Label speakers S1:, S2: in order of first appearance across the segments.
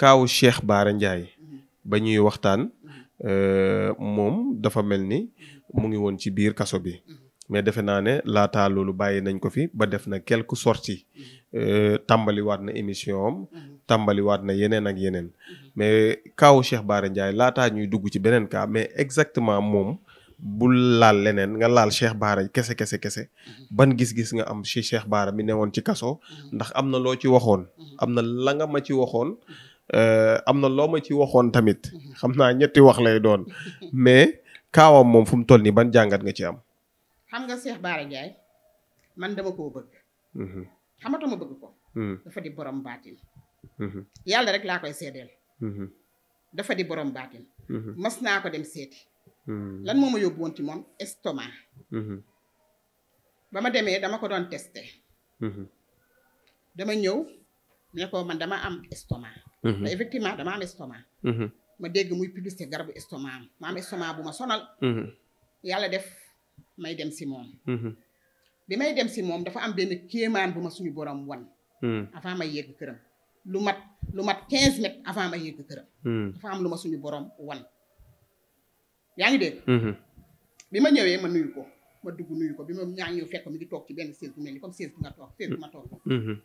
S1: kaawu Cheikh Baara Ndiaye ba ñuy waxtaan mhm. euh, moom dafa mel ni mu ngi woon ci biir kaso bi mhm. mais defe naa ne laataa loolu bàyyi nañ ko fi ba def na quelque sortie mhm. euh, tàmbaliwaat na émission am tàmbaliwaat na yeneen ak yeneen mais kaawu Cheikh Baara Ndiaye laataa ñuy dugg ci beneen ka mais exactement moom bul laal leneen nga laal Cheikh Baara kese kese kese mhm. ban gis-gis nga am ci Cheikh Baara mi ne woon ci kaso mhm. ndax am na loo ci waxoon mhm. am na la ma ci waxoon euh, am na loo ma ci waxoon tamit xam naa ñetti wax lay doon mais kaawam moom fu mu toll nii ban jàngat nga ci am.
S2: xam nga Cheikh Baara Ndiaye man dama koo bëgg. xamatuma bëgg ko. dafa di borom baatin. yàlla rek laa koy seedeel. dafa di borom baatin. mas naa ko dem seeti.
S3: Hmm. lan moo
S2: ma yóbbu woon ci moom estomac. Hmm. ba ma demee dama ko doon testé. Hmm. dama ñëw ne ko man dama am estomac. te effectivement dama am estomac. ma dégg muy publicité garabu estomac am ma am estomac bu ma sonal. yàlla def may dem si moom. bi may dem si moom dafa am benn kéemaan bu ma suñu borom wan. avant may yegg këram. lu mat lu mat quinze mètres avant may yegg këram. dafa am lu ma suñu borom wan. yaa ngi dégg. Mm-hmm. bi ma ñëwee ma nuyu ko ma dugg nuyu ko bi ma ñaa ñëw fekk mi ngi toog ci benn chaise bu mel ni comme chaise bu nga toog chaise ma toog ko. Mm-hmm.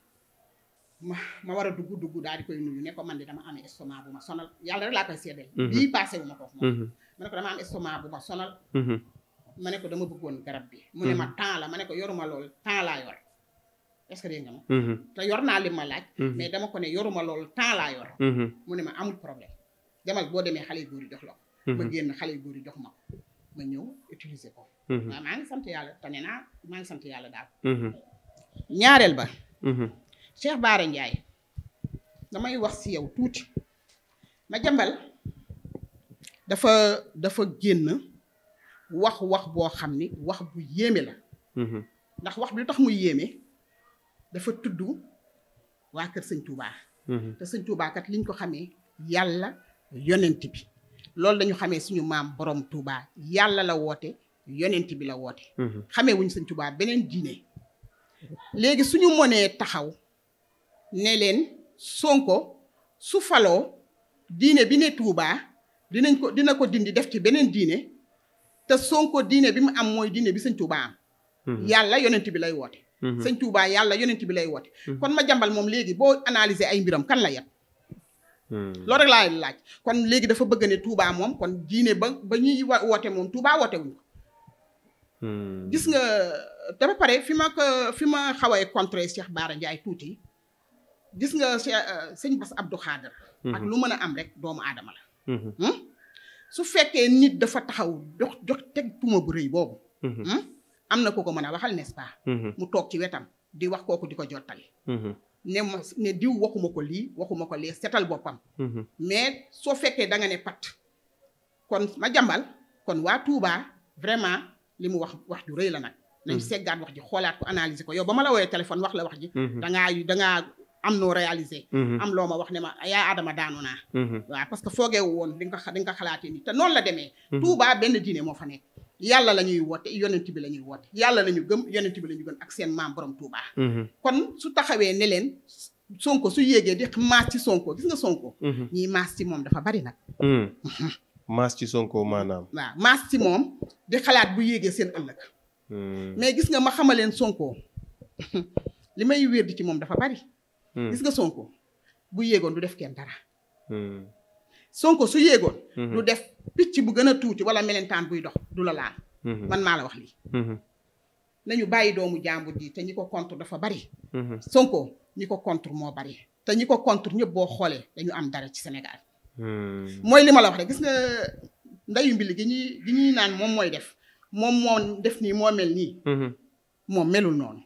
S2: ma ma war a dugg dugg daal di koy nuyu ne ko man di dama am estomac bu ma sonal yàlla rek laa koy mm-hmm. wu ma ko. ma ne ko dama am bu ma sonal. ma ne ko dama bëggoon garab bi. mu ne ma temps la ma ne ko yoruma lool temps laa yor est-ce
S3: que
S2: naa li ma laaj. mais dama ko ne yoruma lool temps laa yor. mu ne ma amul problème demal boo demee xale yu góor jox la ko. ma mhm. génn xale yu góor jox ma ko ma ñëw utiliser ko mhm. waaw maa ngi sant yàlla tane naa maa ngi sant yàlla daal mhm. ñaareel ba Cheikh Baara Ndiaye damay wax si yow tuuti ma jambal dafa dafa génn wax wax boo xam ni wax bu yéeme la ndax wax bi lu tax muy yéeme dafa tudd waa kër sëñ Touba. te sëñ Touba kat liñ ko xamee yàlla yonent bi loolu dañu xamee suñu maam borom Touba yàlla la woote yonent bi la woote mhm. xamee wuñ sëñ Touba beneen diine léegi suñu mënee taxaw ne leen Sonko su faloo diine bi ne Touba dinañ ko dina ko dindi def ci beneen diine te Sonko diine bi mu am mooy diine bi sëñ Touba am mhm. yàlla yonent bi lay woote mhm. sëñ tuubaa yàlla yonent bi lay woote kon ma jambal moom léegi boo analyser ay mbiram kan la yet Hmm. loolu rek laa laaj kon léegi dafa bëgg ne tuubaa moom kon diine ba ba ñuy woote moom Touba woote
S3: hmm. gis
S2: nga te pare fi ma ko fi ma xaw a contré Cheikh Bara Ndiaye tuuti gis nga euh, sëñ Bass Abdou Khader. Hmm. ak lu mën a am rek doomu aadama
S3: la
S2: su fekkee nit dafa taxaw jox jox teg tuuma bu rëy boobu am na ko ko mën a waxal nest mu toog ci wetam di wax kooku di ko jottal ne ma ne diw waxuma ko lii waxuma ko lii setal boppam. Mm-hmm. mais soo fekkee da nga ne pat. kon ma jambal kon waa Touba vraiment li mu wax wax ju la nag. Mm-hmm. nañ seggaat wax ji xoolaat ko analyser ko yow ba ma la woowee téléphone wax la wax ji. Mm-hmm. da ngaa da am noo réalisé. am loo ma wax ne ma yaa Adama daanu
S3: naa.
S2: parce que foogee woon di nga ko di ko xalaatee nii te noonu la demee. Touba benn diine moo fa nekk. yàlla la ñuy woote yonent bi la ñuy woote yàlla la gëm yonent bi la ñu gëm ak seen maam borom Touba. Mm-hmm. kon su taxawee ne leen sonko su yéegee di maas ci sonko gis nga sonko. Mm-hmm. ñiy maas ci moom dafa bari nag.
S1: Mm-hmm. maas ci sonko maanaam.
S2: waaw maas ci moom di xalaat bu yéegee seen ëllëg. mais gis nga ma xamaleen sonko li may wér di ci moom dafa bari. gis nga sonko bu yéegoon du def kenn dara. Sonko su yéegoon. lu mhm. def picc bu gën a tuuti wala melentaan buy dox du la laal. Mhm. man maa la wax lii. Mhm. nañu bàyyi doomu jàmbur ji te ñi ko contre dafa bari. Sonko ñi ko contre moo bari. te ñi ko contre ñëpp boo xoolee dañu am dara ci Sénégal.
S3: Hmm. mooy
S2: li ma la wax rek gis nga ndeyu mbili gi ñuy gi ñuy naan moom mooy def moom moo def nii moo mel nii. moom melul noonu.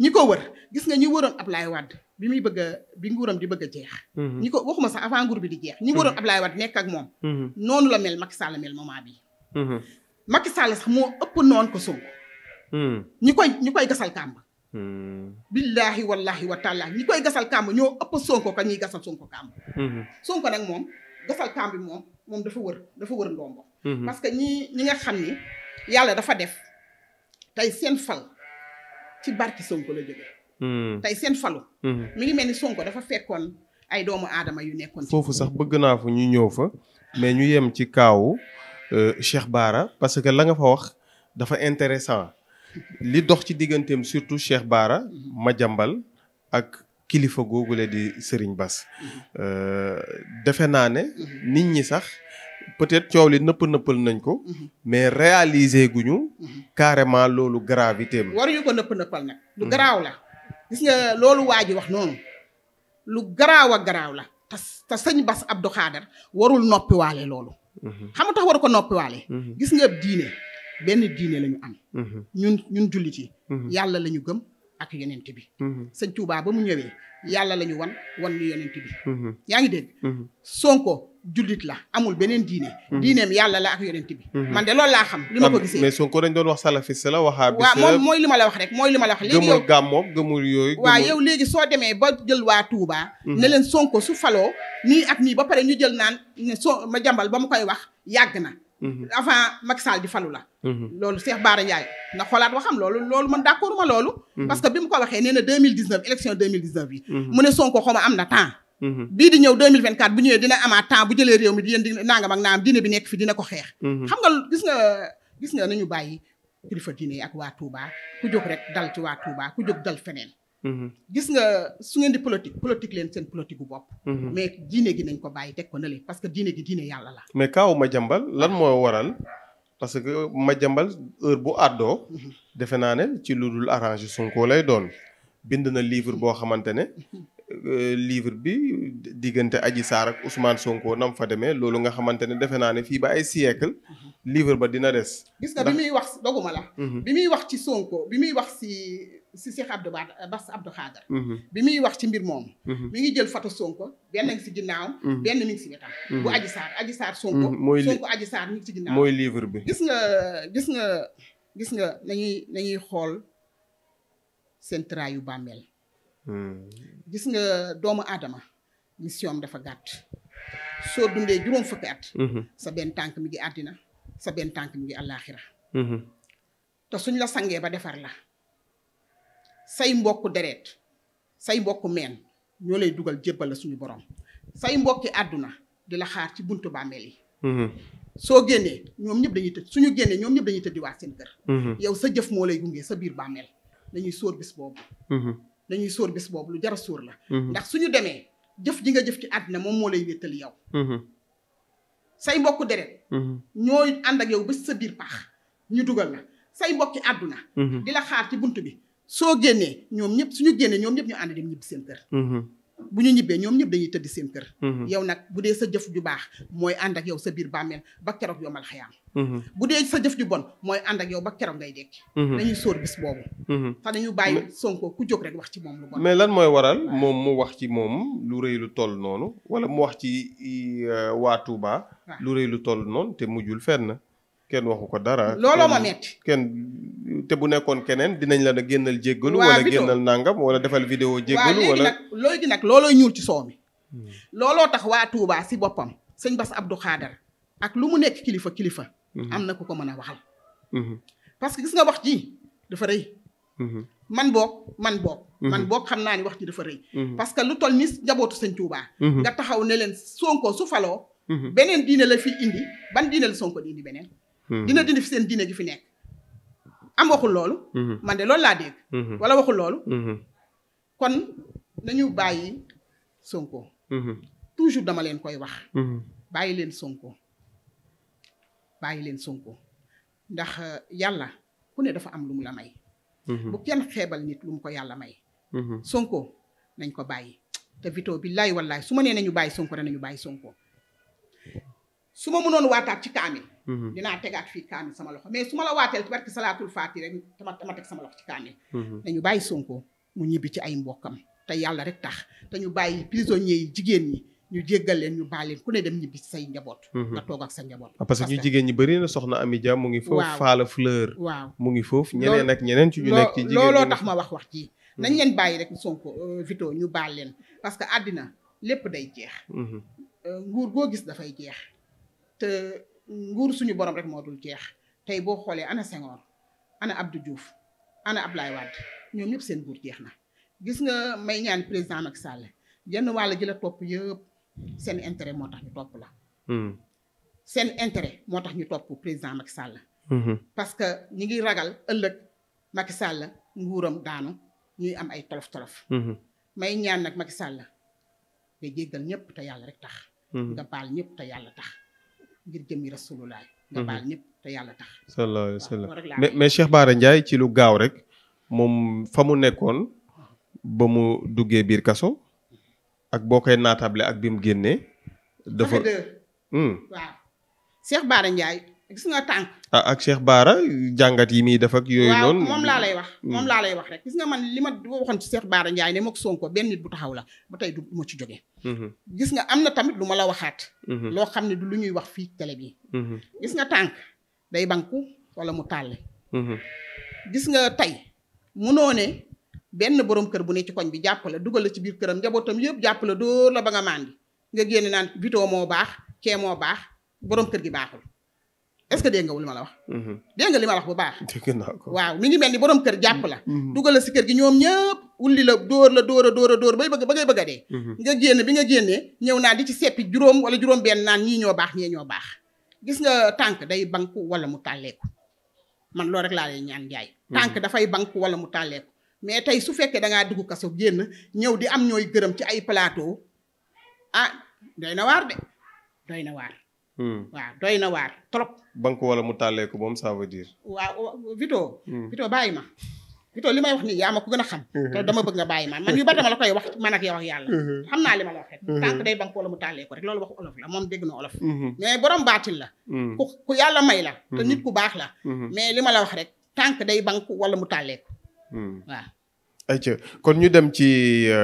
S2: ñi ko wër gis nga ñi wëroon Ablaye Wade bi muy bëgg a bi nguuram di bëgg a jeex. ñi mhm. ko waxuma sax avant nguur bi di jeex. ñi waroon mhm. Ablaye Wade nekk ak moom. Mhm. noonu la mel Macky Sall mel moment bii. Macky Sall sax moo ëpp noon ko Sonko. ñi koy ñi gasal kàmb. billaahi wallaahi wa taala ñi koy gasal kàmb ñoo ëpp Sonko ka ñuy gasal Sonko kàmb. Sonko nag moom gasal kàmb bi moom dafa wër dafa wër ndombo. parce que ñi ñi nga xam ni yàlla dafa def tey seen fal ci barki Sonko la jógee. Mm. tey seen falu. Mm. mi ngi mel ni Sonko dafa fekkoon ay doomu aadama yu nekkoon. foofu
S1: sax bëgg naa fa ñu ñëw fa mais ñu yem ci kaawu euh, Cheikh baara parce que la nga fa wax dafa intéressant li dox ci digganteem surtout Cheikh ma jàmbal ak kilifa googule di Serigne Bass. Euh, defe naa ne nit ñi sax. peut-être coow li nëpp nëppal nañ ko. mais réaliser guñu. Mhm. carrément loolu gravité am.
S2: waruñu ko nëpp nëppal nag. lu mhm. garaaw la. gis nga loolu waa ji wax noonu lu garaaw a garaaw la te te sëñ Bass Abdou Khader warul noppiwaale loolu. Mhm. xam nga tax waru ko noppiwaale. Mhm. gis nga diine benn diine lañu am. Mhm. ñun ñun jullit yi. yàlla lañu gëm. ak yonent bi mhm. sëñ Tuubaa ba mu ñëwee yàlla la ñu wan wan ñu yonent bi mhm. yaa ngi de mhm. Sonko jullit la amul beneen diine diineem yàlla la ak yonent bi man de loolu laa xam li ma ko gisee
S1: mais Sonko dañ doon wax salafiste la waxaabis waaw moom mooy
S2: li ma la wax rek mooy li ma la wax léegi yow
S1: gëmul yooyu waaw yow léegi
S2: soo demee ba jël waa Tuubaa ne leen Sonko su faloo nii ak nii ba pare ñu jël naan so ma jàmbal ba mu koy wax yàgg na Mhm. avant Macky Sall di falu la mhm. loolu Cheikh Bara Ndiaye na wax waxam loolu loolu man d'accord ma loolu mhm. parce que bi mu ko waxee nee na 2019 élection 2019 yi mu ne Sonko xaw ma am na temps bii di ñëw 2024 bu ñëwee dina amaat temps bu jëlee réew mi di yéen di nangam ak naam diine bi nekk fi dina ko xeex xam nga gis nga gis nga nañu bàyyi kilifa diine yi ak waa Touba ku jóg rek dal ci waa Touba ku jóg dal feneen Mm-hmm. gis nga su ngeen di politique politique leen seen politique bu bopp. Mm-hmm. mais diine gi nañ ko bàyyi teg ko na leen parce que diine gi diine yàlla la.
S1: mais kaaw Madiambal lan ah. moo waral parce que ma Madiambal heure bu àddoo. Mm-hmm. defe naa ne ci lu dul arrangé Sonko lay doon bind na livre boo xamante ne. Euh, livre bi diggante Adji Sarr ak Ousmane Sonko nam fa demee loolu nga xamante ne defe naa ne fii ba ay siècle livre ba dina des.
S2: gis nga bi muy wax doguma la. bi muy wax ci Sonko si Cheikh Abdou Ba Bass Abdou Khadre mhm. bi muy wax ci mbir moom mhm. mi ngi jël photo Sonko benn ngi si ginnaaw mhm. benn mi ngi si wetam bu Adji Sarr Adji Sarr Sonko Sonko mi ngi si ginnaaw mooy
S1: livre bi gis
S2: nga gis nga gis nga nañuy nañuy xool seen tra yu bàmmeel hmm. gis nga doomu aadama mission dafa gàtt soo dundee juróom fukki at sa benn tànk mi ngi àddina sa benn tànk mi ngi àllaaxira te suñ la sangee ba defar la say mbokku deret say mbokku meen ñoo lay dugal jébbal la suñu borom say mbokki àdduna di la xaar ci buntu bàmmeel yi mm-hmm. soo génnee ñoom ñëpp dañuy tëdd suñu génnee ñoom ñëpp dañuy tëddiwaat seen kër mm-hmm. yow sa jëf moo lay gungee sa biir bàmmeel dañuy sóor bis boobu mm-hmm. dañuy sóor bis boobu lu jara sóor la ndax suñu demee jëf ji nga jëf ci àdduna moom moo lay wéttali yow say mbokku deret ñooy ànd ak yow ba sa biir paax ñu dugal la say mbokki àdduna di la xaar soo génnee ñoom ñëpp suñu génnee ñoom ñëpp ñu ànd dem ñibbi seen kër. Mm-hmm. bu ñu ñibbee ñoom ñëpp dañuy tëdd seen kër. Mm-hmm. yow nag bu dee sa jëf ju baax mooy ànd ak yow sa biir bàmmeel ba keroog yomal xayaam. Mm-hmm. bu dee sa jëf ju bon mooy ànd ak yow ba keroog ngay dekki. dañuy sóor bis boobu.
S1: te dañu bàyyi
S2: Sonko ku jóg rek wax ci moom lu bon. mais
S1: lan mooy waral moom mu wax ci moom lu rëy lu toll noonu wala mu wax ci euh, waa Touba. lu rëy lu toll noonu te mujjul fenn. kenn waxu ko dara. looloo ma metti kenn te bu nekkoon keneen dinañ la génnal jéggalu. wala génnal nangam wala defal vidéo jéggalu wala léegi nag
S2: léegi nag looloo ñuul ci soow mi. Hmm. looloo tax waa tuubaa si boppam sëñ Bass Abdou Khader ak lu mu nekk kilifa kilifa. Hmm. am na ko ko mën a waxal. Hmm. parce que gis nga wax ji dafa rëy. man boog man boog. man boog xam naa ni wax ci dafa rëy. parce que lu toll ni njabootu sëñ Touba. nga taxaw ne leen Sonko su faloo. beneen diine la fi indi ban diine la Sonko di indi beneen. Hmm. dina dindi fi seen diine ju fi nekk am waxul loolu hmm. man de loolu laa dégg hmm. wala waxul loolu kon nañu bàyyi Sonko toujours dama leen koy wax bàyyi leen Sonko bàyyi leen Sonko ndax eh, yàlla ku ne dafa am lu mu la may bu kenn xeebal nit lu mu ko yàlla may Sonko nañ ko bàyyi te vito billaay wallaay su ma nee nañu bàyyi Sonko danañu bàyyi Sonko su ma mënoon waataat ci kaamil mhm. dinaa tegaat fii kaamil sama loxo mais su ma la waateel ci barki salaatul faati rek tama tama teg sama loxo ci dañu mhm. bàyyi Sonko mu ñibbi ci ay mbokkam te yàlla rek tax te ñu bàyyi prisonniers yi jigéen ñi ñu jéggal leen ñu baal leen ku ne dem ñibbi ci say njaboot mhm. nga toog ak sa njaboot ah, parce que ñu jigéen
S1: ñi bari na soxna Ami Dia mu ngi foofu faala fleur mu ngi foofu ñeneen ak ñeneen ci ñu nekk ci jigéen looloo tax
S2: wax wax nañ leen bàyyi rek Sonko euh, Vito ñu baal leen parce que àddina lépp day jeex
S3: euh,
S2: nguur goo gis dafay jeex te nguur suñu borom rek moo dul jeex tey boo xoolee ana Senghor ana Abdou Diouf ana Ablaye Wade ñoom ñëpp seen nguur jeex na. gis nga may ñaan président Macky Sall jenn wàll ji la topp yëpp seen intérêt moo tax ñu topp la. Hmm. seen intérêt moo tax ñu topp président Macky sàll hmm. parce que ñi ngi ragal ëllëg Macky sàll nguuram daanu ñuy am ay tolof tolof. Hmm. may ñaan nag Macky sàll nga jéggal ñëpp te yàlla rek tax. nga baal ñëpp te yàlla tax. ngir jëmi rasulullaay nga mhm. baal ñëpp
S1: mais mais Bara Ndiaye ci lu gaaw rek moom fa mu nekkoon ba mu duggee biir kaso ak boo koy naatable ak bi mu génnee dafa hmm.
S2: waaw gis nga tànk.
S1: Ah, ak Cheikh Baara jàngat yi muy def ak. laa lay wax. Hmm. moom laa lay
S2: wax rek gis nga man li ma waxoon ci Baara Ndiaye ne moog Sonko benn nit bu taxaw la ba tey du ma ci jógee. Hmm. gis nga am na tamit lu la waxaat. Hmm. loo xam ne du lu ñuy wax fii télé bi. gis nga tànk day banku wala mu tàlle. gis nga tey munoo ne benn borom kër bu ne ci koñ bi jàppale dugal la ci biir këram njabootam yëpp jàppale dóor la ba nga màndi nga génn naan bitoo moo baax kee baax borom kër gi baaxul. est-ce que dégg nga li ma la wax. Mm-hmm. dégg li ma la wax bu baax. waaw mi ngi mel ni boroom kër jàpp la. Mm-hmm. dugal la si kër gi ñoom ñëpp wulli la dóor la dóor a dóor a dóor bay bëgg ba ngay bëgg a dee. Mm-hmm. nga génn bi nga génnee ñëw naa di ci seppi juróom wala juróom-benn naan ñii ñoo baax ñii ñoo baax. gis nga tànk day banku wala mu tàlleeku man loolu rek laa ñaan jaay. tànk dafay banku wala mu tàlleeku. mais tey su fekkee da ngaa dugg kaso génn ñëw di am ñooy gërëm ci ay plateau ah, na waar de doy na waar Hmm. waaw doy na waar trop.
S1: banque wala mu tàllee ko moom sa veut dire.
S2: waaw oh, Vito. Hmm. Vito bàyyi ma. Vito li may wax nii yaa ma ko gën a xam. Hmm. te dama bëgg nga bàyyi ma man yu bari dama la koy wax man ak yow yàlla. xam naa li ma la wax rek. tànk day banque wala mu tàllee ko rek loolu la moom dégg la. ku ku baax la. mais li ma la wax rek tànk day banque wala mu tàllee ko.
S1: waaw. ayca kon ñu dem ci. Euh,